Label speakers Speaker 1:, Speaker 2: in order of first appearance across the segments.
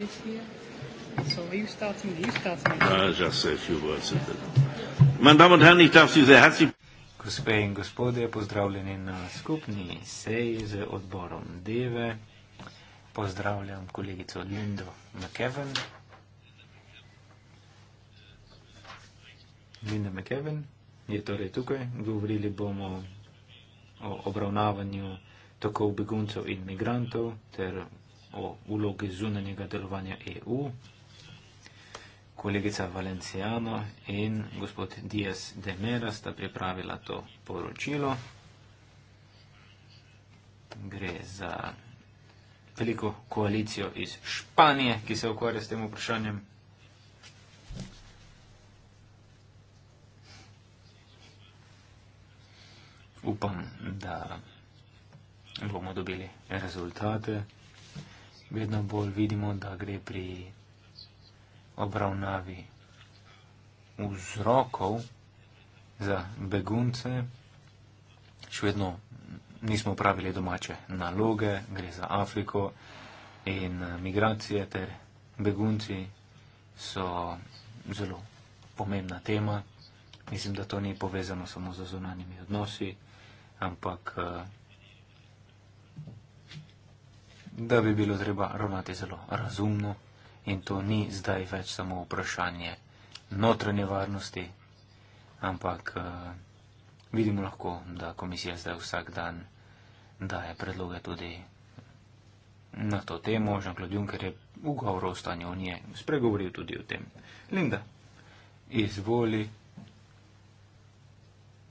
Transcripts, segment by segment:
Speaker 1: Uh, Gospe in gospodje, pozdravljeni na skupni seji z odborom Deve. Pozdravljam kolegico Lindo McKeven. Linda McKeven je torej tukaj. Govorili bomo o obravnavanju tako beguncev in migrantov ter o vlogi zunanjega delovanja EU, kolegica Valenciano in gospod Dias de Mera sta pripravila to poročilo. Gre za veliko koalicijo iz Španije, ki se ukvarja s tem vprašanjem. Upam, da bomo dobili rezultate vedno bolj vidimo, da gre pri obravnavi vzrokov za begunce, še vedno nismo upravili domače naloge, gre za Afriko in eh, migracije ter begunci so zelo pomembna tema. Mislim, da to ni povezano samo z zunanjimi odnosi, ampak eh, da bi bilo treba ravnati zelo razumno in to ni zdaj več samo vprašanje notranje varnosti, ampak uh, vidimo lahko, da komisija zdaj vsak dan daje predloge tudi na to temo. Jean-Claude Juncker je v govoru o stanju unije spregovoril tudi o tem. Linda, izvoli,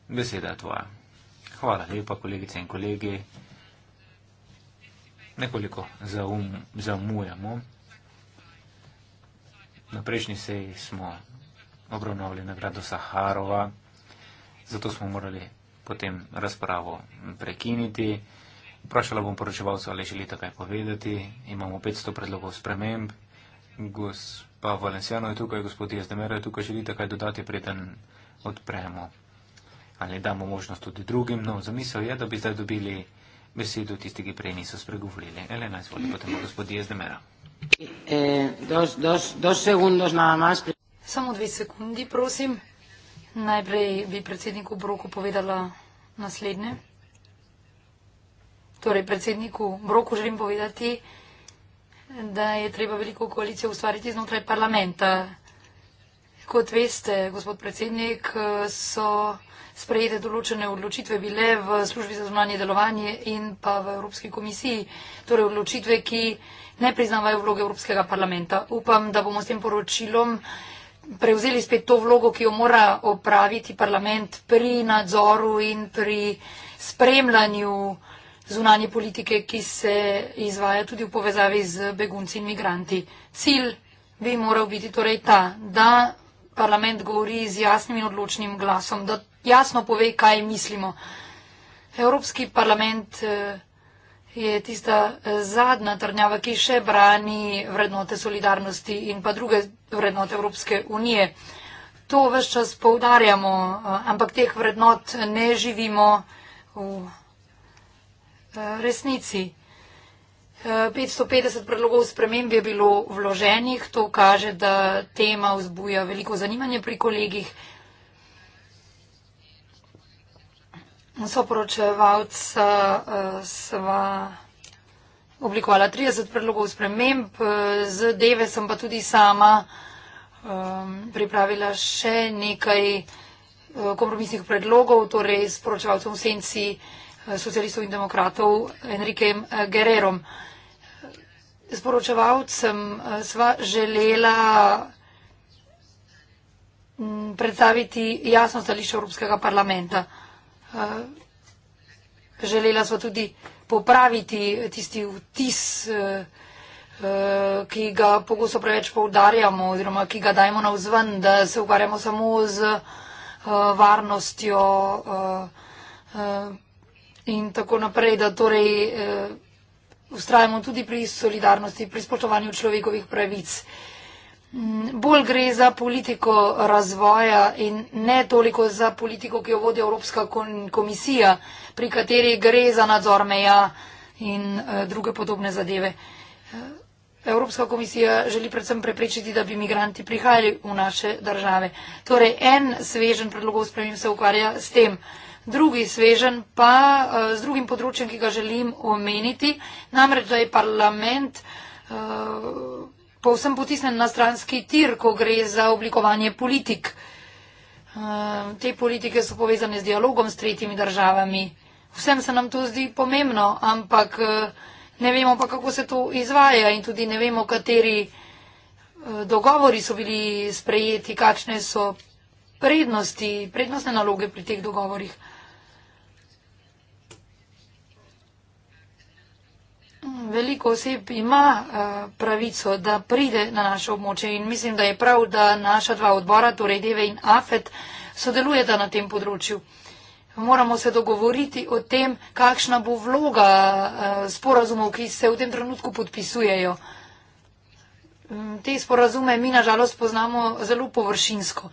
Speaker 1: beseda je tvoja. Hvala lepa, kolegice in kolegi nekoliko zaum, zamujamo. Na prejšnji seji smo obravnavali nagrado Saharova, zato smo morali potem razpravo prekiniti. Vprašala bom poročevalcev, ali želite kaj povedati. Imamo 500 predlogov sprememb. Gospa Valenciano je tukaj, gospod Jezdemer je tukaj, želite kaj dodati, preden odpremo. Ali damo možnost tudi drugim. No, zamisel je, da bi zdaj dobili besedo tisti, ki prej niso spregovorili. Elena, izvolite, potem bo gospod Jezdemera.
Speaker 2: Eh,
Speaker 3: Samo dve sekundi, prosim. Najprej bi predsedniku Broku povedala naslednje. Torej, predsedniku Broku želim povedati, da je treba veliko koalicijo ustvariti znotraj parlamenta. Kot veste, gospod predsednik, so sprejete določene odločitve bile v službi za zunanje delovanje in pa v Evropski komisiji, torej odločitve, ki ne priznavajo vloge Evropskega parlamenta. Upam, da bomo s tem poročilom prevzeli spet to vlogo, ki jo mora opraviti parlament pri nadzoru in pri spremljanju zunanje politike, ki se izvaja tudi v povezavi z begunci in migranti. Cilj bi moral biti torej ta, da parlament govori z jasnim in odločnim glasom, da jasno pove, kaj mislimo. Evropski parlament eh, je tista eh, zadnja trnjava, ki še brani vrednote solidarnosti in pa druge vrednote Evropske unije. To vse čas poudarjamo, eh, ampak teh vrednot ne živimo v resnici. 550 predlogov sprememb je bilo vloženih. To kaže, da tema vzbuja veliko zanimanje pri kolegih. Soporočevalca eh, sva oblikovala 30 predlogov sprememb, eh, z deve sem pa tudi sama ehm, pripravila še nekaj eh, kompromisnih predlogov, torej s poročevalcem v senci socialistov in demokratov Enrikem eh, Gererom. Sporočevalcem eh, sva želela mm, predstaviti jasno stališče Evropskega parlamenta. Eh, želela sva tudi popraviti tisti vtis, ki ga pogosto preveč poudarjamo oziroma ki ga dajmo na vzven, da se ukvarjamo samo z varnostjo in tako naprej, da torej ustrajamo eh, tudi pri solidarnosti, pri spoštovanju človekovih pravic. Mm, bolj gre za politiko razvoja in ne toliko za politiko, ki jo vodi Evropska komisija, pri kateri gre za nadzor meja in eh, druge podobne zadeve. Eh, Evropska komisija želi predvsem preprečiti, da bi migranti prihajali v naše države. Torej, en svežen predlogov spremem se ukvarja s tem. Drugi svežen pa eh, z drugim področjem, ki ga želim omeniti, namreč, da je parlament eh, povsem potisnen na stranski tir, ko gre za oblikovanje politik. Eh, te politike so povezane z dialogom s tretjimi državami. Vsem se nam to zdi pomembno, ampak ne vemo pa, kako se to izvaja in tudi ne vemo, kateri dogovori so bili sprejeti, kakšne so prednosti, prednostne naloge pri teh dogovorih. veliko oseb ima eh, pravico, da pride na naše območje in mislim, da je prav, da naša dva odbora, torej Deve in Afet, sodelujeta na tem področju. Moramo se dogovoriti o tem, kakšna bo vloga eh, sporazumov, ki se v tem trenutku podpisujejo. Mm, te sporazume mi nažalost poznamo zelo površinsko.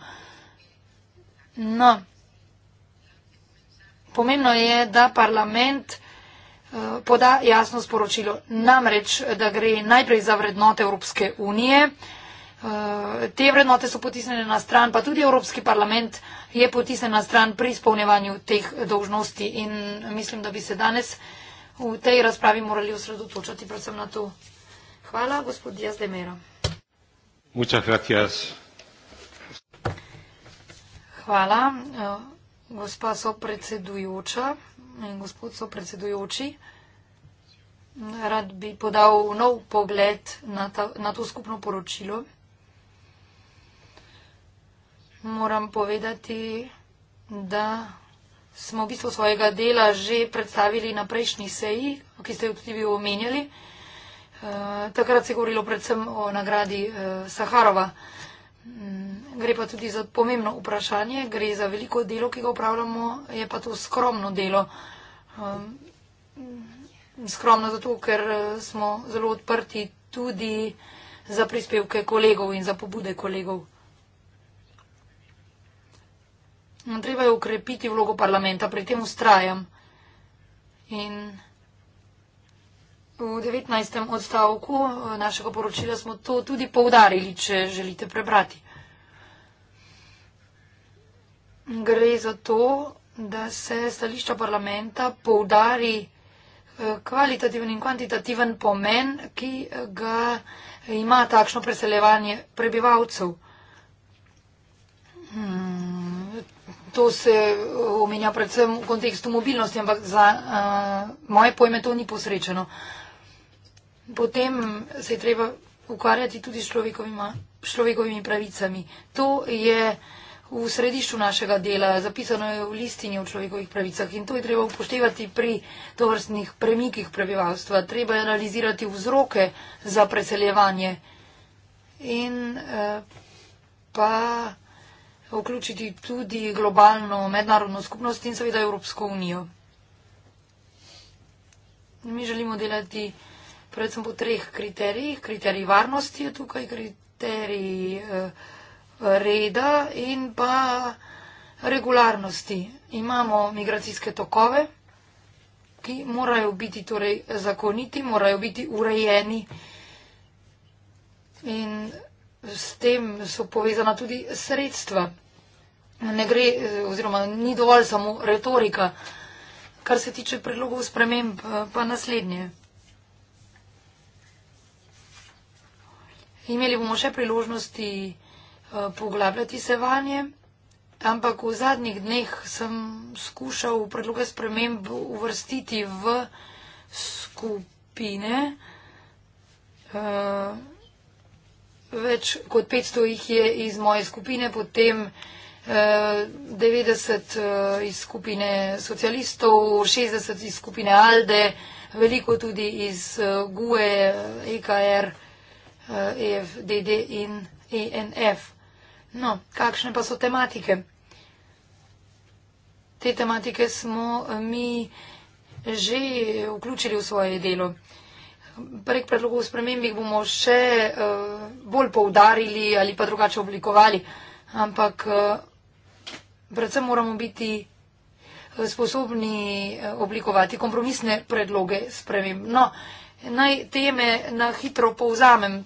Speaker 3: No. Pomembno je, da parlament Eh, poda jasno sporočilo. Namreč, da gre najprej za vrednote Evropske unije. Eh, te vrednote so potisnjene na stran, pa tudi Evropski parlament je potisnen na stran pri izpolnjevanju teh dožnosti in mislim, da bi se danes v tej razpravi morali osredotočati predvsem na to. Hvala, gospod Diaz de Mero. Hvala, eh, gospa sopredsedujoča in gospod so predsedujoči. Rad bi podal nov pogled na, ta, na to skupno poročilo. Moram povedati, da smo v bistvu svojega dela že predstavili na prejšnji seji, ki ste jo tudi vi omenjali. Eh, takrat se je govorilo predvsem o nagradi eh, Saharova. Mm, gre pa tudi za pomembno vprašanje, gre za veliko delo, ki ga upravljamo, je pa to skromno delo. Um, skromno zato, ker eh, smo zelo odprti tudi za prispevke kolegov in za pobude kolegov. No, treba je ukrepiti vlogo parlamenta, pri tem ustrajam. In v 19. odstavku eh, našega poročila smo to tudi poudarili, če želite prebrati gre za to, da se stališča parlamenta poudari eh, kvalitativen in kvantitativen pomen, ki eh, ga ima takšno preseljevanje prebivalcev.
Speaker 2: Hmm,
Speaker 3: to se eh, omenja predvsem v kontekstu mobilnosti, ampak za uh, moje pojme to ni posrečeno. Potem se je treba ukvarjati tudi s človekovimi pravicami. To je uh, v središču našega dela, zapisano je v listini o človekovih pravicah in to je treba upoštevati pri tovrstnih premikih prebivalstva. Treba je analizirati vzroke za preseljevanje in eh, pa vključiti tudi globalno mednarodno skupnost in seveda Evropsko unijo. Mi želimo delati predvsem po treh kriterijih. Kriterij varnosti je tukaj, kriterij eh, reda in pa regularnosti. Imamo migracijske tokove, ki morajo biti torej zakoniti, morajo biti urejeni in s tem so povezana tudi sredstva. Ne gre oziroma ni dovolj samo retorika, kar se tiče predlogov sprememb pa naslednje. Imeli bomo še priložnosti Eh, poglabljati se vanje, ampak v zadnjih dneh sem skušal predloge sprememb uvrstiti v skupine. Eh, več kot 500 jih je iz moje skupine, potem 90 eh, iz skupine socialistov, 60 iz skupine Alde, veliko tudi iz GUE, EKR, EFDD e in ENF. No, kakšne pa so tematike? Te tematike smo eh, mi že vključili v svoje delo. Prek predlogov sprememb jih bomo še uh, bolj poudarili ali pa drugače oblikovali, ampak uh, predvsem moramo biti sposobni oblikovati kompromisne predloge sprememb. No, naj teme na hitro povzamem.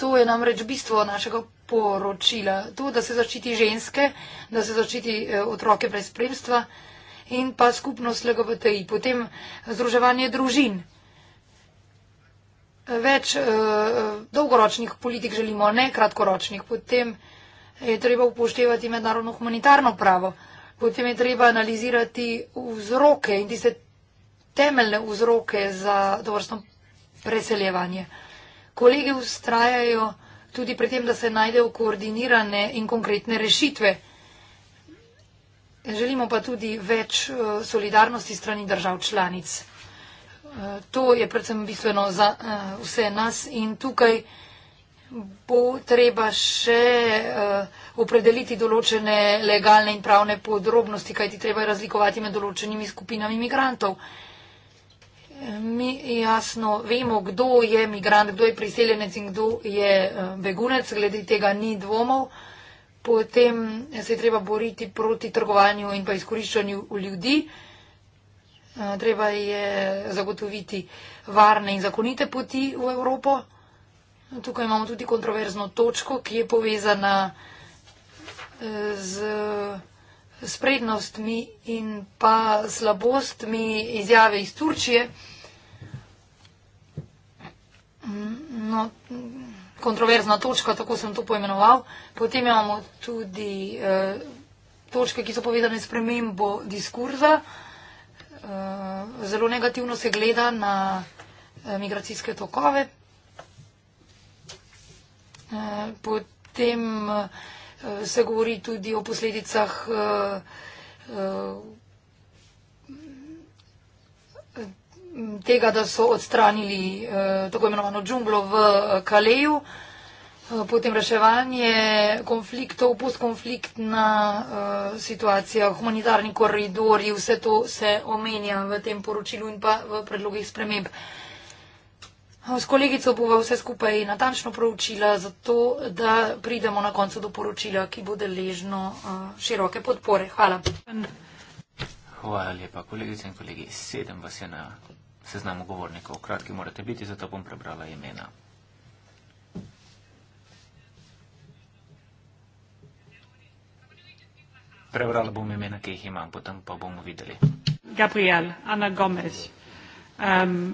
Speaker 3: To je namreč bistvo našega poročila. To, da se začiti ženske, da se začiti eh, otroke brez spremstva in pa skupnost LGBTI. Potem združevanje družin. Več eh, dolgoročnih politik želimo, ne kratkoročnih. Potem je treba upoštevati mednarodno humanitarno pravo. Potem je treba analizirati vzroke in tiste temeljne vzroke za dovrstno preseljevanje kolegi ustrajajo tudi pri tem, da se najdejo koordinirane in konkretne rešitve. Želimo pa tudi več eh, solidarnosti strani držav članic. Eh, to je predvsem bistveno za eh, vse nas in tukaj bo treba še opredeliti določene legalne in pravne podrobnosti, kajti treba je razlikovati med določenimi skupinami imigrantov. Mi jasno vemo, kdo je migrant, kdo je priseljenec in kdo je eh, begunec, glede tega ni dvomov. Potem se je treba boriti proti trgovanju in pa izkoriščanju ljudi. Eh, treba je zagotoviti varne in zakonite poti v Evropo. Tukaj imamo tudi kontroverzno točko, ki je povezana eh, z s prednostmi in pa slabostmi izjave iz Turčije. No, kontroverzna točka, tako sem to poimenoval. Potem imamo tudi eh, točke, ki so povedane s premembo diskurza. Eh, zelo negativno se gleda na eh, migracijske tokove. Eh, potem eh, Eh, se govori tudi o posledicah eh, eh, tega, da so odstranili tako imenovano džunglo v Kaleju, potem reševanje konfliktov, postkonfliktna situacija, humanitarni koridori, vse to se omenja v tem poročilu in pa v predlogih sprememb. No, s kolegico bova vse skupaj natančno proučila, zato da pridemo na koncu do poročila, ki bo deležno uh, široke podpore. Hvala.
Speaker 1: Hvala lepa, kolegice in kolegi. Sedem vas je na seznamu govornikov. Kratki morate biti, zato bom prebrala imena. Prebrala bom imena, ki jih imam, potem pa bomo videli.
Speaker 3: Gabriel, Ana Gomez. Um,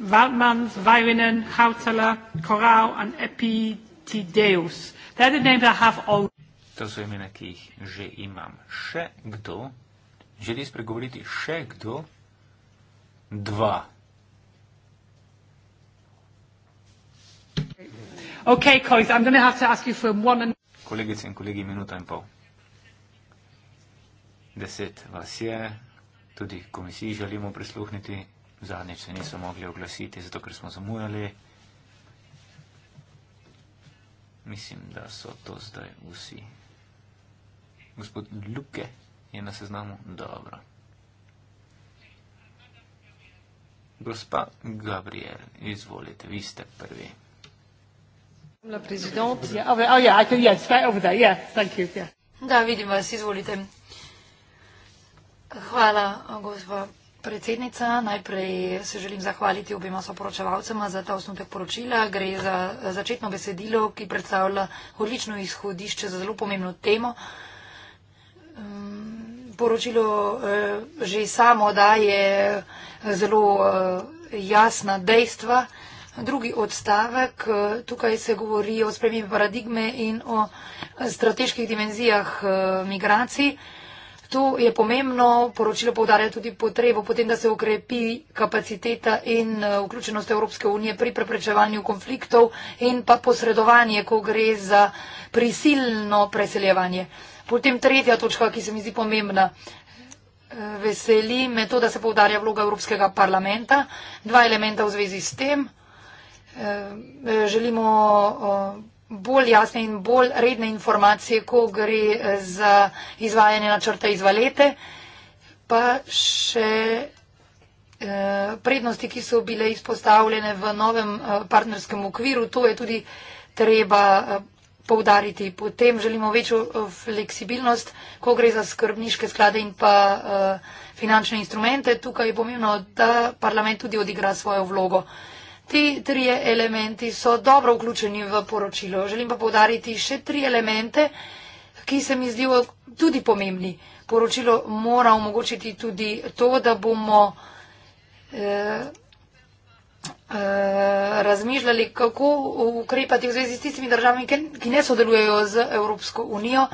Speaker 3: Waldmanns, Weirinen, Hautzeller, Corral and Epitideus. They're the names I have all.
Speaker 1: To so imena, ki jih že imam. Še kdo? Želi spregovoriti še kdo? Dva. Okay, guys, I'm going to have to ask you for one and... Kolegice in kolegi, minuta in pol. Deset vas je, tudi komisiji želimo prisluhniti. Zadnjič se niso mogli oglasiti, zato ker smo zamujali. Mislim, da so to zdaj vsi. Gospod Luke je na seznamu. Dobro. Gospa Gabriel, izvolite, vi ste prvi.
Speaker 3: Da, vidim vas, izvolite. Hvala, gospod. Predsednica, najprej se želim zahvaliti obima soporočevalcema za ta osnutek poročila. Gre za začetno besedilo, ki predstavlja odlično izhodišče za zelo pomembno temo. Mm, poročilo eh, že samo daje eh, zelo eh, jasna dejstva. Drugi odstavek, tukaj se govori o spremembi paradigme in o strateških dimenzijah migracij. Tu je pomembno, poročilo povdarja tudi potrebo potem, da se ukrepi kapaciteta in eh, vključenost Evropske unije pri preprečevanju konfliktov in pa posredovanje, ko gre za prisilno preseljevanje. Potem tretja točka, ki se mi zdi pomembna. Eh, veseli me to, da se povdarja vloga Evropskega parlamenta. Dva elementa v zvezi s tem. Eh, želimo bolj jasne in bolj redne informacije, ko gre eh, za izvajanje načrta izvalete, pa še eh, prednosti, ki so bile izpostavljene v novem eh, partnerskem okviru, to je tudi treba povdariti. Potem želimo večjo fleksibilnost, ko gre za skrbniške sklade in pa finančne instrumente. Tukaj je pomembno, da parlament tudi odigra svojo vlogo. Ti trije elementi so dobro vključeni v poročilo. Želim pa povdariti še tri elemente, ki se mi zdijo tudi pomembni. Poročilo mora omogočiti tudi to, da bomo eh, eh, razmišljali, kako ukrepati v zvezi s tistimi državami, ki ne sodelujejo z Evropsko unijo.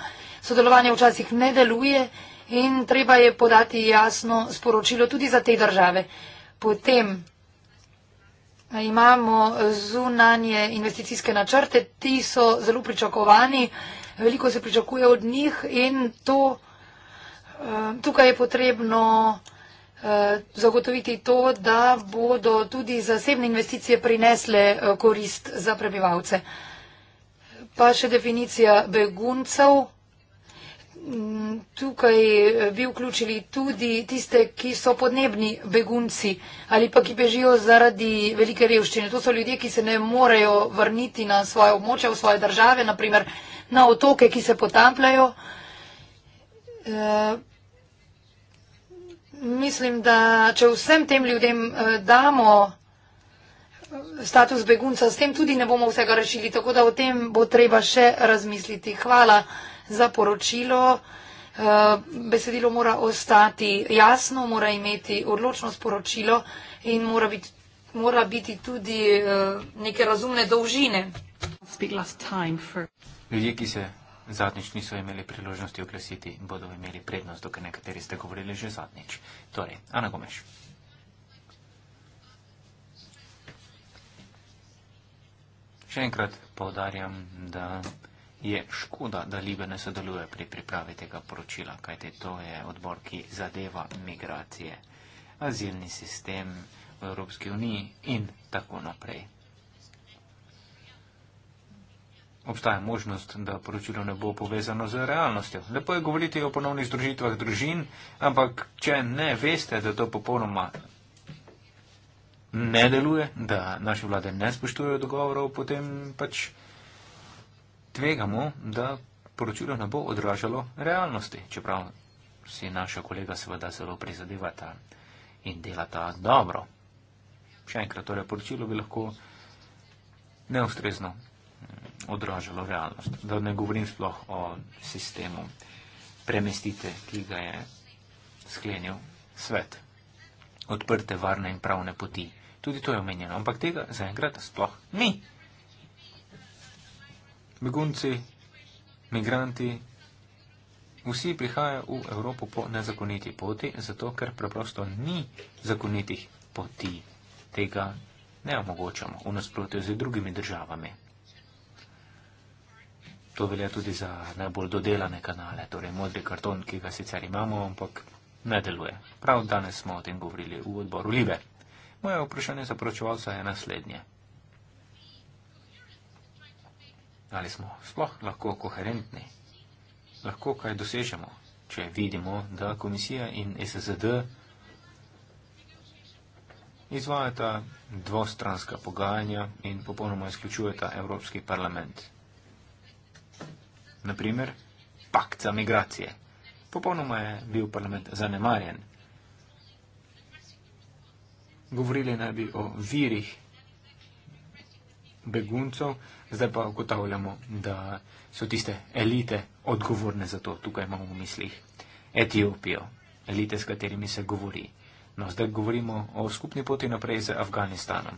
Speaker 3: Sodelovanje včasih ne deluje in treba je podati jasno sporočilo tudi za te države. Potem imamo zunanje investicijske načrte, ti so zelo pričakovani, veliko se pričakuje od njih in to, eh, tukaj je potrebno eh, zagotoviti to, da bodo tudi zasebne investicije prinesle eh, korist za prebivalce. Pa še definicija beguncev tukaj eh, bi vključili tudi tiste, ki so podnebni begunci ali pa ki bežijo zaradi velike revščine. To so ljudje, ki se ne morejo vrniti na svoje območje, v svoje države, naprimer na otoke, ki se potapljajo. E, mislim, da če vsem tem ljudem eh, damo status begunca, s tem tudi ne bomo vsega rešili, tako da o tem bo treba še razmisliti. Hvala za poročilo. Eh, besedilo mora ostati jasno, mora imeti odločno sporočilo in mora biti, mora biti tudi eh, neke razumne dolžine.
Speaker 1: Ljudje, ki se zadnjič niso imeli priložnosti oglasiti, bodo imeli prednost, dokaj nekateri ste govorili že zadnjič. Torej, Ana Gomeš. Še enkrat povdarjam, da je škoda, da Libe ne sodeluje pri pripravi tega poročila, kajte to je odbor, ki zadeva migracije, azilni sistem v Evropski uniji in tako naprej. Obstaja možnost, da poročilo ne bo povezano z realnostjo. Lepo je govoriti o ponovnih združitvah družin, ampak če ne veste, da to popolnoma ne deluje, da naše vlade ne spoštujejo dogovorov, potem pač tvegamo, da poročilo ne bo odražalo realnosti, čeprav si naša kolega seveda zelo prizadevata in delata dobro. Še enkrat, torej poročilo bi lahko neustrezno mm, odražalo realnost, da ne govorim sploh o sistemu premestite, ki ga je sklenil svet. Odprte, varne in pravne poti. Tudi to je omenjeno, ampak tega zaenkrat sploh ni begunci, migranti, vsi prihajajo v Evropo po nezakoniti poti, zato ker preprosto ni zakonitih poti. Tega ne omogočamo v nasprotju z drugimi državami. To velja tudi za najbolj dodelane kanale, torej modri karton, ki ga sicer imamo, ampak ne deluje. Prav danes smo o tem govorili v odboru Libe. Moje vprašanje za poročevalca je naslednje. ali smo sploh lahko koherentni, lahko kaj dosežemo, če vidimo, da komisija in SSD izvajata dvostranska pogajanja in popolnoma izključujeta Evropski parlament. Naprimer, pakt za migracije. Popolnoma je bil parlament zanemarjen. Govorili naj bi o virih beguncev, zdaj pa ugotavljamo, da so tiste elite odgovorne za to. Tukaj imamo v mislih Etiopijo, elite, s katerimi se govori. No, zdaj govorimo o skupni poti naprej z Afganistanom.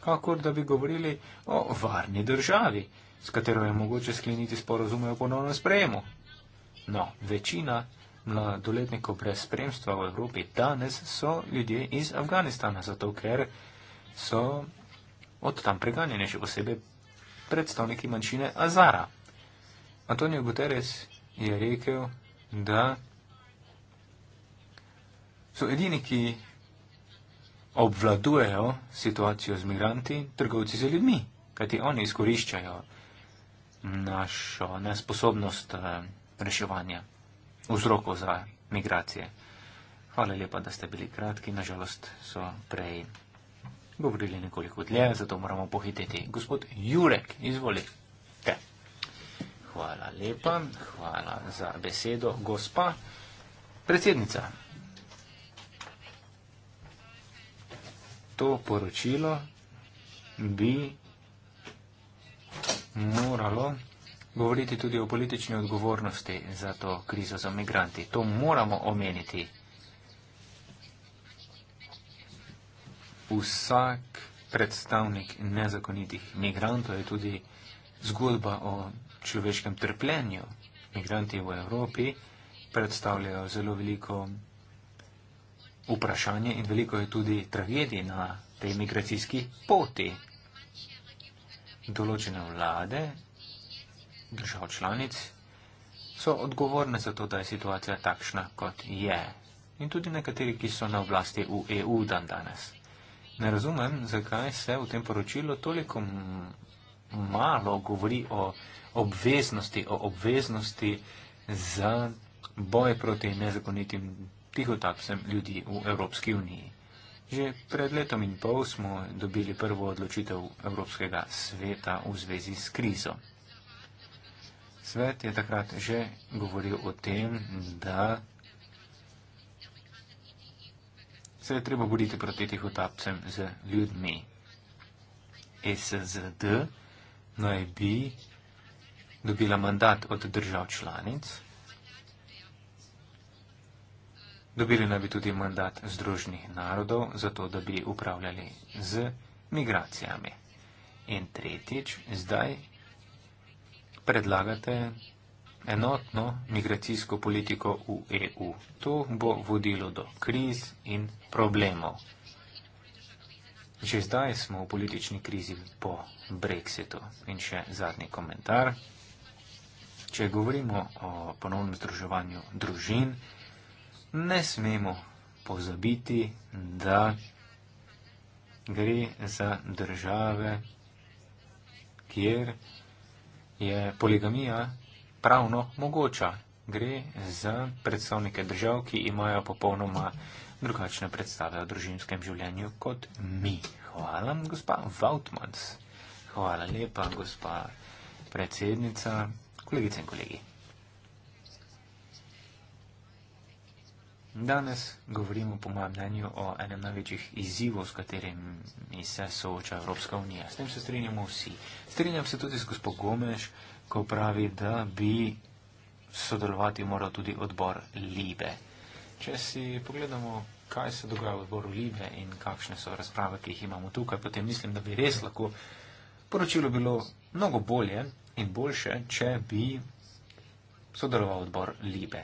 Speaker 1: Kakor da bi govorili o varni državi, s katero je mogoče skleniti sporozume o ponovnem sprejemu. No, večina mladoletnikov brez spremstva v Evropi danes so ljudje iz Afganistana, zato ker so od tam preganjene, še posebej predstavniki manjšine Azara. Antonijo Guterres je rekel, da so edini, ki obvladujejo situacijo z migranti, trgovci z ljudmi, kajti oni izkoriščajo našo nesposobnost eh, reševanja vzrokov za migracije. Hvala lepa, da ste bili kratki, nažalost so prej govorili nekoliko dlje, zato moramo pohiteti. Gospod Jurek, izvolite. Hvala lepa, hvala za besedo. Gospa predsednica, to poročilo bi moralo govoriti tudi o politični odgovornosti za to krizo za migranti. To moramo omeniti. vsak predstavnik nezakonitih migrantov je tudi zgodba o človeškem trpljenju. Migranti v Evropi predstavljajo zelo veliko vprašanje in veliko je tudi tragedij na tej migracijski poti. Določene vlade, držav članic, so odgovorne za to, da je situacija takšna, kot je. In tudi nekateri, ki so na oblasti v EU dan danes. Ne razumem, zakaj se v tem poročilu toliko malo govori o obveznosti, o obveznosti za boj proti nezakonitim tihotapcem ljudi v Evropski uniji. Že pred letom in pol smo dobili prvo odločitev Evropskega sveta v zvezi s krizo. Svet je takrat že govoril o tem, da se je treba boriti proti tih otapcem z ljudmi. SZD naj bi dobila mandat od držav članic, dobili naj bi tudi mandat Združnih narodov, zato da bi upravljali z migracijami. In tretjič, zdaj predlagate enotno migracijsko politiko v EU. To bo vodilo do kriz in problemov. Že zdaj smo v politični krizi po Brexitu. In še zadnji komentar. Če govorimo o ponovnem združevanju družin, ne smemo pozabiti, da gre za države, kjer je poligamija pravno mogoča. Gre za predstavnike držav, ki imajo popolnoma drugačne predstave o družinskem življenju kot mi. Hvala, gospa Vautmans. Hvala lepa, gospa predsednica, kolegice in kolegi. Danes govorimo po mojem mnenju o enem največjih izzivov, s katerimi se sooča Evropska unija. S tem se strinjamo vsi. Strinjam se tudi s gospod Gomeš, ko pravi, da bi sodelovati moral tudi odbor Libe. Če si pogledamo, kaj se dogaja v odboru Libe in kakšne so razprave, ki jih imamo tukaj, potem mislim, da bi res lahko poročilo bilo mnogo bolje in boljše, če bi sodeloval odbor Libe.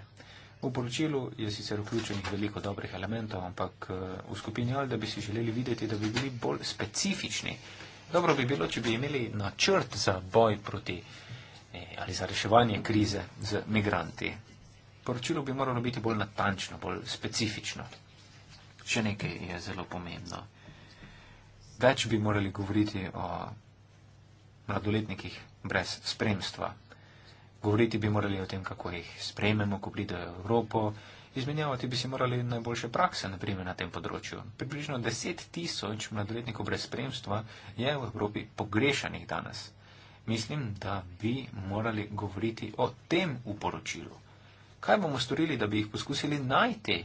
Speaker 1: V poročilu je sicer vključenih veliko dobrih elementov, ampak eh, v skupini Alde bi si želeli videti, da bi bili bolj specifični. Dobro bi bilo, če bi imeli načrt za boj proti Eh, ali za reševanje krize z migranti. Poročilo bi moralo biti bolj natančno, bolj specifično. Še nekaj je zelo pomembno. Več bi morali govoriti o mladoletnikih brez spremstva. Govoriti bi morali o tem, kako jih sprejmemo, ko pridejo v Evropo. Izmenjavati bi se morali najboljše prakse, naprimer na tem področju. Približno 10 tisoč mladoletnikov brez spremstva je v Evropi pogrešanih danes. Mislim, da bi morali govoriti o tem uporočilu. Kaj bomo storili, da bi jih poskusili najti?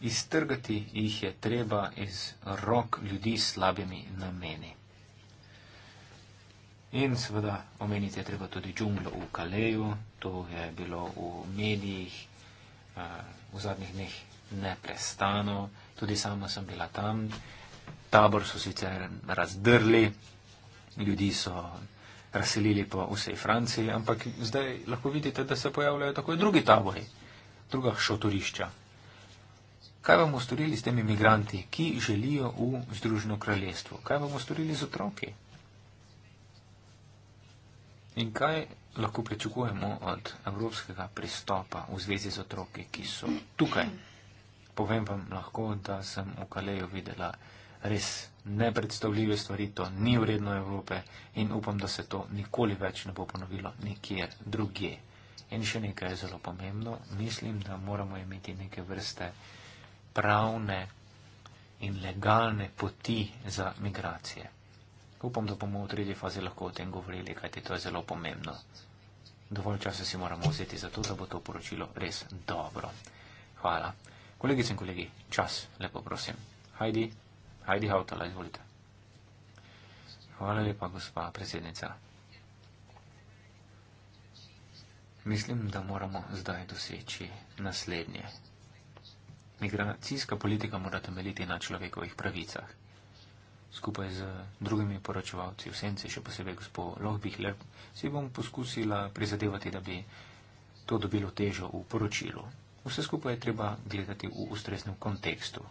Speaker 1: Iztrgati jih je treba iz rok ljudi s slabimi nameni. In seveda omeniti je treba tudi džunglo v Kaleju, to je bilo v medijih eh, v zadnjih dneh neprestano, tudi sama sem bila tam, tabor so sicer razdrli, ljudi so razselili po vsej Franciji, ampak zdaj lahko vidite, da se pojavljajo takoj drugi tabori, druga šotorišča. Kaj bomo storili s temi imigranti, ki želijo v Združeno kraljestvo? Kaj bomo storili z otroki? In kaj lahko pričakujemo od evropskega pristopa v zvezi z otroki, ki so tukaj? Povem vam lahko, da sem v Kaleju videla res nepredstavljive stvari, to ni vredno Evrope in upam, da se to nikoli več ne bo ponovilo nekje druge. In še nekaj je zelo pomembno, mislim, da moramo imeti neke vrste pravne in legalne poti za migracije. Upam, da bomo v tretji fazi lahko o tem govorili, kajti to je zelo pomembno. Dovolj časa si moramo vzeti za to, da bo to poročilo res dobro. Hvala. Kolegice in kolegi, čas, lepo prosim. Hajdi. Hajdi Hautala, izvolite. Hvala lepa, gospa predsednica. Mislim, da moramo zdaj doseči naslednje. Migracijska politika mora temeljiti na človekovih pravicah. Skupaj z drugimi poročevalci v senci, še posebej gospod Lohbihler, si bom poskusila prizadevati, da bi to dobilo težo v poročilu. Vse skupaj je treba gledati v ustreznem kontekstu.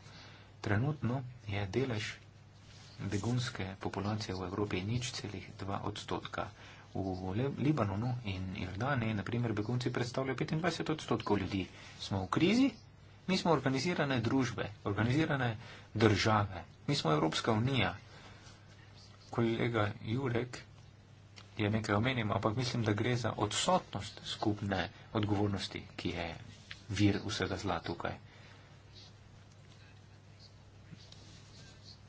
Speaker 1: Trenutno je delež begunske populacije v Evropi nič celih 2 odstotka. V Libanonu in Jordaniji, naprimer, begunci predstavljajo 25 odstotkov ljudi. Smo v krizi, mi smo organizirane družbe, organizirane države, mi smo Evropska unija. Kolega Jurek je nekaj omenil, ampak mislim, da gre za odsotnost skupne odgovornosti, ki je vir vsega zla tukaj.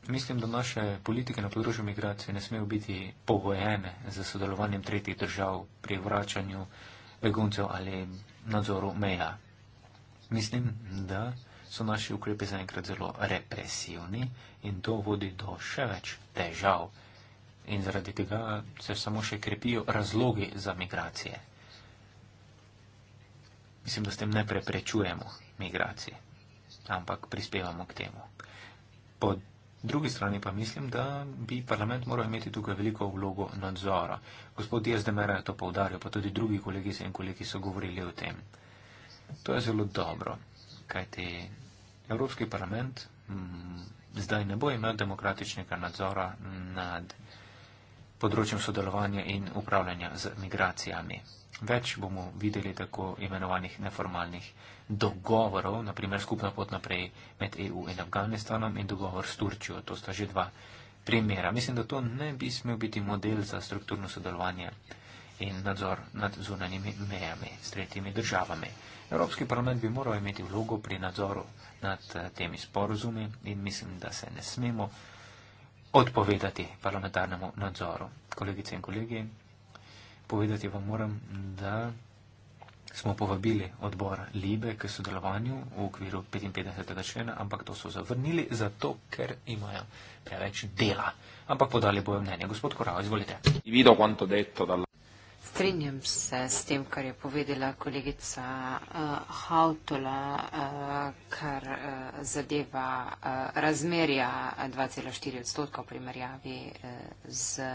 Speaker 1: Mislim, da naše politike na področju migracije ne smejo biti pogojene z sodelovanjem tretjih držav pri vračanju beguncev ali nadzoru meja. Mislim, da so naši ukrepi zaenkrat zelo represivni in to vodi do še več težav. In zaradi tega se samo še krepijo razlogi za migracije. Mislim, da s tem ne preprečujemo migracije, ampak prispevamo k temu. Pod drugi strani pa mislim, da bi parlament moral imeti tukaj veliko vlogo nadzora. Gospod Jezdemer je to povdarjal, pa tudi drugi kolegi se in kolegi so govorili o tem. To je zelo dobro, kajti Evropski parlament m, mm, zdaj ne bo imel demokratičnega nadzora nad področjem sodelovanja in upravljanja z migracijami več bomo videli tako imenovanih neformalnih dogovorov, naprimer skupna pot naprej med EU in Afganistanom in dogovor s Turčijo. To sta že dva primera. Mislim, da to ne bi smel biti model za strukturno sodelovanje in nadzor nad zunanjimi mejami s tretjimi državami. Evropski parlament bi moral imeti vlogo pri nadzoru nad eh, temi sporozumi in mislim, da se ne smemo odpovedati parlamentarnemu nadzoru. Kolegice in kolegi, povedati vam moram, da smo povabili odbor Libe k sodelovanju v okviru 55. člena, ampak to so zavrnili zato, ker imajo preveč dela. Ampak podali bojo mnenje. Gospod Korao, izvolite. Vido, kanto detto dal
Speaker 2: strinjam se s tem, kar je povedala kolegica uh, eh, Hautola, uh, eh, kar uh, zadeva uh, razmerja 2,4 odstotka v primerjavi uh, z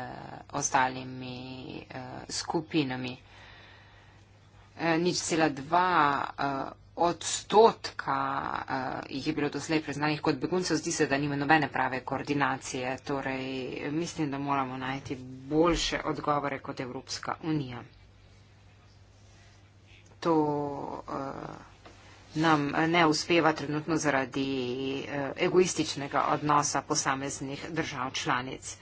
Speaker 2: ostalimi uh, skupinami. Uh, nič cela dva uh, odstotka eh, jih je bilo doslej priznanih kot begunce, zdi se, da nima nobene prave koordinacije. Torej, mislim, da moramo najti boljše odgovore kot Evropska unija. To uh, nam ne uspeva trenutno zaradi uh, egoističnega odnosa posameznih držav članic.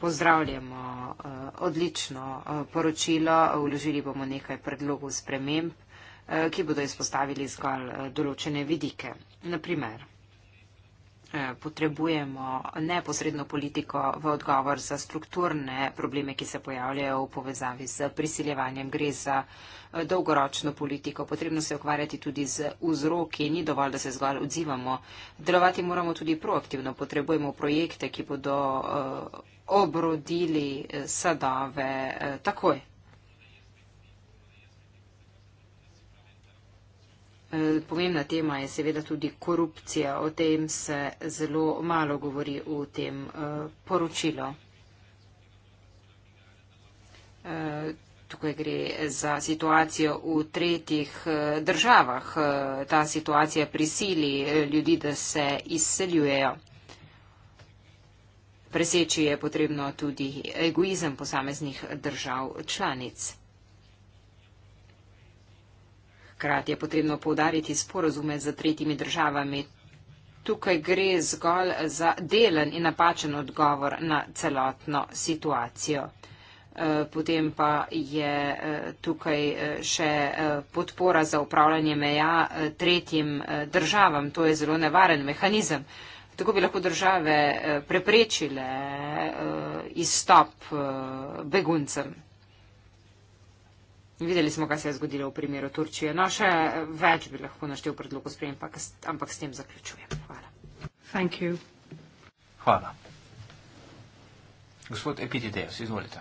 Speaker 2: Pozdravljamo uh, odlično uh, poročilo, uh, vložili bomo nekaj predlogov sprememb. Eh, ki bodo izpostavili zgolj eh, določene vidike. Naprimer, eh, potrebujemo neposredno politiko v odgovor za strukturne probleme, ki se pojavljajo v povezavi z prisiljevanjem. Gre za dolgoročno politiko. Potrebno se ukvarjati tudi z vzroki. Ni dovolj, da se zgolj odzivamo. Delovati moramo tudi proaktivno. Potrebujemo projekte, ki bodo obrodili sadove takoj. Eh, pomembna tema je seveda tudi korupcija. O tem se zelo malo govori v tem eh, poročilu. Eh, tukaj gre za situacijo v tretjih državah. Ta situacija prisili ljudi, da se izseljujejo. Preseči je potrebno tudi egoizem posameznih držav članic. Hkrati je potrebno povdariti sporozume z tretjimi državami. Tukaj gre zgolj za delen in napačen odgovor na celotno situacijo. E, potem pa je e, tukaj e, še podpora za upravljanje meja tretjim državam. To je zelo nevaren mehanizem. Tako bi lahko države preprečile izstop beguncem. Videli smo, kaj se je zgodilo v primeru Turčije. No, še več bi lahko naštel predlogu sprejem, ampak s tem zaključujem.
Speaker 3: Hvala.
Speaker 1: Hvala. Gospod Epitideus, izvolite.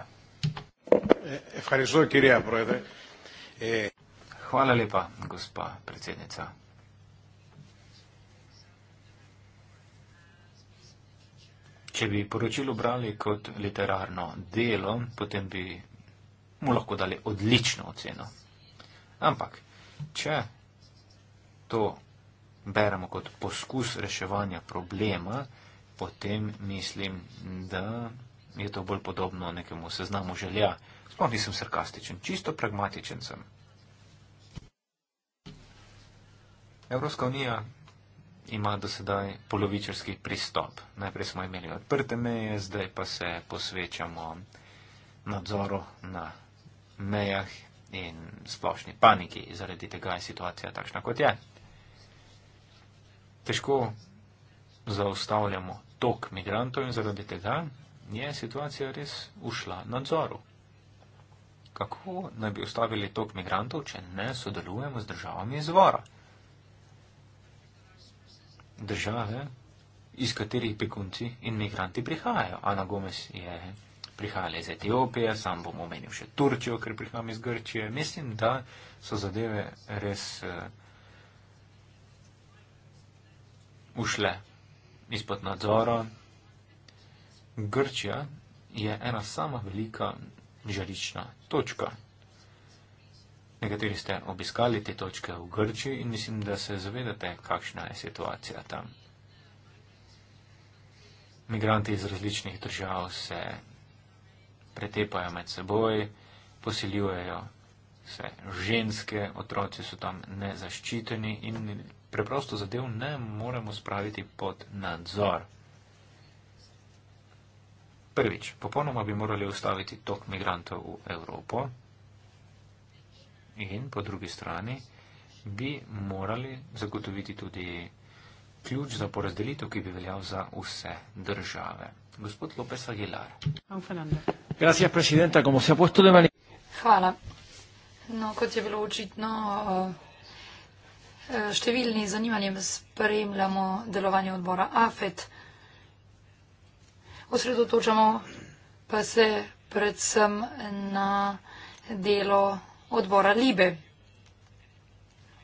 Speaker 3: Eh,
Speaker 1: eh, Hvala lepa, gospa predsednica. Če bi poročilo brali kot literarno delo, potem bi mu lahko dali odlično oceno. Ampak, če to beremo kot poskus reševanja problema, potem mislim, da je to bolj podobno nekemu seznamu želja. Sploh nisem sarkastičen, čisto pragmatičen sem. Evropska unija ima do sedaj polovičarski pristop. Najprej smo imeli odprte meje, zdaj pa se posvečamo nadzoru na mejah in splošni paniki, zaradi tega je situacija takšna, kot je. Težko zaustavljamo tok migrantov in zaradi tega je situacija res ušla nadzoru. Kako naj bi ustavili tok migrantov, če ne sodelujemo z državami izvora? Države, iz katerih pekunci in migranti prihajajo. Ana Gomez je prihajale iz Etiopije, sam bom omenil še Turčijo, ker prihajam iz Grčije. Mislim, da so zadeve res uh, ušle izpod nadzora. Grčija je ena sama velika žarična točka. Nekateri ste obiskali te točke v Grčiji in mislim, da se zavedate, kakšna je situacija tam. Migranti iz različnih držav se pretepajo med seboj, posiljujejo se ženske, otroci so tam nezaščiteni in preprosto zadev ne moremo spraviti pod nadzor. Prvič, popolnoma bi morali ustaviti tok migrantov v Evropo in po drugi strani bi morali zagotoviti tudi ključ za porazdelitev, ki bi veljal za vse države. Gospod López Aguilar. Gracias, presidenta. Como se ha puesto de mani...
Speaker 3: Hvala. No, kot je bilo očitno, eh, številni zanimanjem spremljamo delovanje odbora AFET. Osredotočamo pa se predvsem na delo odbora Libe.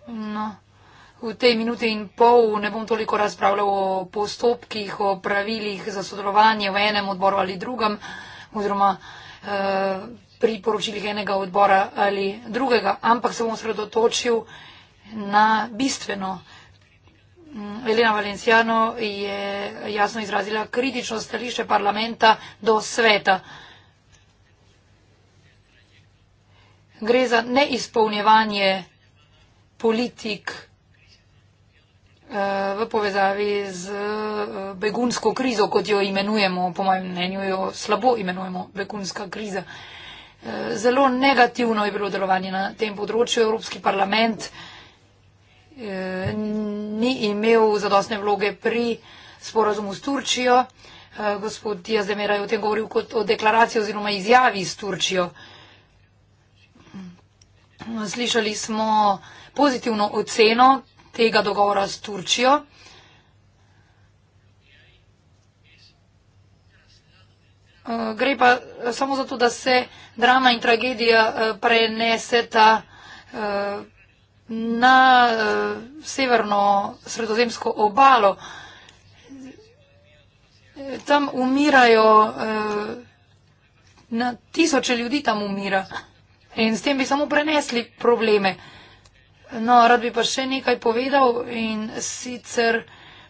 Speaker 3: No, V tej minuti in pol ne bom toliko razpravljal o postopkih, o pravilih za sodelovanje v enem odboru ali drugem, oziroma eh, pri poročilih enega odbora ali drugega, ampak se bom sredotočil na bistveno. Elena Valenciano je jasno izrazila kritično stališče parlamenta do sveta. Gre za neizpolnjevanje politik v povezavi z eh, begunsko krizo, kot jo imenujemo, po mojem mnenju jo slabo imenujemo begunska kriza. Eh, zelo negativno je bilo delovanje na tem področju. Evropski parlament eh, ni imel zadostne vloge pri sporazumu s Turčijo. Gospod Jazdemera je o tem govoril kot o deklaraciji oziroma izjavi s Turčijo. Slišali smo pozitivno oceno tega dogovora s Turčijo. Eh, gre pa eh, samo zato, da se drama in tragedija eh, preneseta na severno sredozemsko obalo. Tam umirajo, na tisoče ljudi tam umira in s tem bi samo prenesli probleme. No, rad bi pa še nekaj povedal in sicer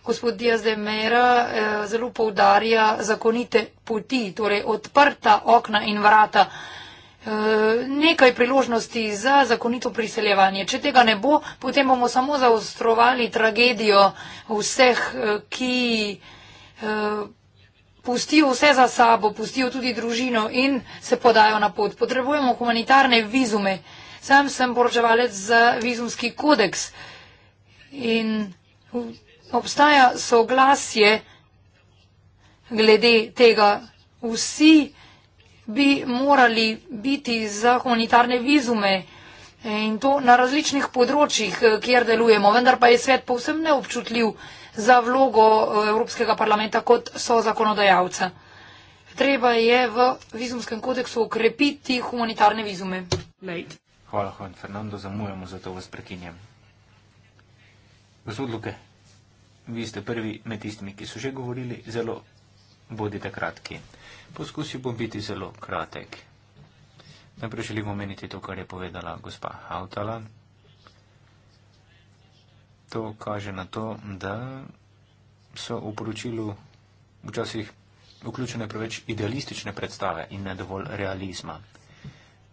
Speaker 3: gospod Diaz de Mera eh, zelo poudarja zakonite poti, torej odprta okna in vrata. Eh, nekaj priložnosti za zakonito priseljevanje. Če tega ne bo, potem bomo samo zaostrovali tragedijo vseh, eh, ki eh, pustijo vse za sabo, pustijo tudi družino in se podajo na pot. Potrebujemo humanitarne vizume. Sam sem poročevalec za vizumski kodeks in obstaja soglasje glede tega. Vsi bi morali biti za humanitarne vizume in to na različnih področjih, eh, kjer delujemo, vendar pa je svet povsem neobčutljiv za vlogo eh, Evropskega parlamenta kot so zakonodajalca. Treba je v vizumskem kodeksu okrepiti humanitarne vizume. Late.
Speaker 1: Hvala, Juan Fernando, zamujamo, zato vas prekinjam. Gospod Luke, vi ste prvi med tistimi, ki so že govorili, zelo bodite kratki. Poskusil bom biti zelo kratek. Najprej želim omeniti to, kar je povedala gospa Hautala. To kaže na to, da so v poročilu včasih vključene preveč idealistične predstave in ne dovolj realizma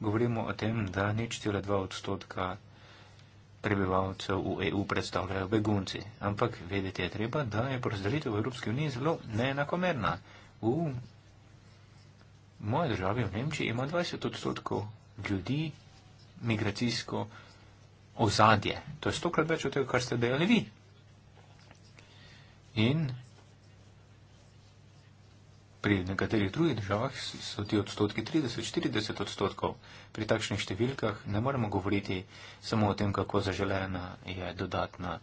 Speaker 1: govorimo o tem, da nič cele dva odstotka prebivalcev v EU predstavljajo begunci. Ampak vedeti je treba, da je porazdelitev v Evropski uniji zelo neenakomerna. V moje državi v Nemčiji ima 20 odstotkov ljudi migracijsko ozadje. To je stokrat več od tega, kar ste delali vi. In Pri nekaterih drugih državah so ti odstotki 30-40 odstotkov. Pri takšnih številkah ne moremo govoriti samo o tem, kako zaželena je dodatna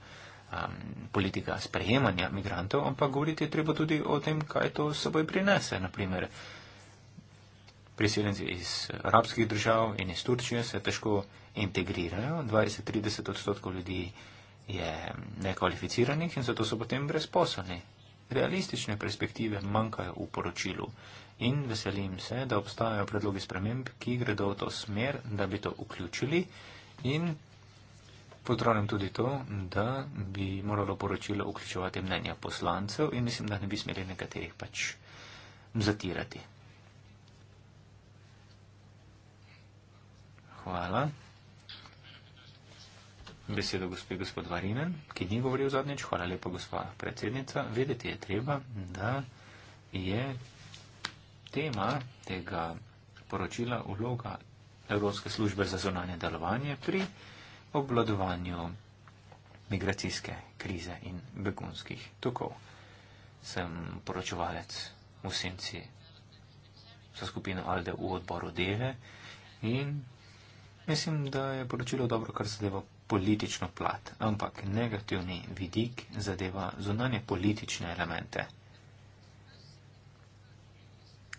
Speaker 1: um, politika sprejemanja migrantov, ampak govoriti je treba tudi o tem, kaj to seboj prinese. Naprimer, priseljenci iz arabskih držav in iz Turčije se težko integrirajo. 20-30 odstotkov ljudi je nekvalificiranih in zato so potem brezposobni realistične perspektive manjkajo v poročilu in veselim se, da obstajajo predlogi sprememb, ki gredo v to smer, da bi to vključili in pozdravljam tudi to, da bi moralo poročilo vključevati mnenja poslancev in mislim, da ne bi smeli nekaterih pač zatirati. Hvala besedo gospe gospod Varinen, ki ni govoril zadnjič. Hvala lepa, gospa predsednica. Vedeti je treba, da je tema tega poročila vloga Evropske službe za zonanje delovanje pri obladovanju migracijske krize in begunskih tokov. Sem poročevalec v senci za skupino Alde v odboru Deve in mislim, da je poročilo dobro, kar zadeva politično plat, ampak negativni vidik zadeva zunanje politične elemente.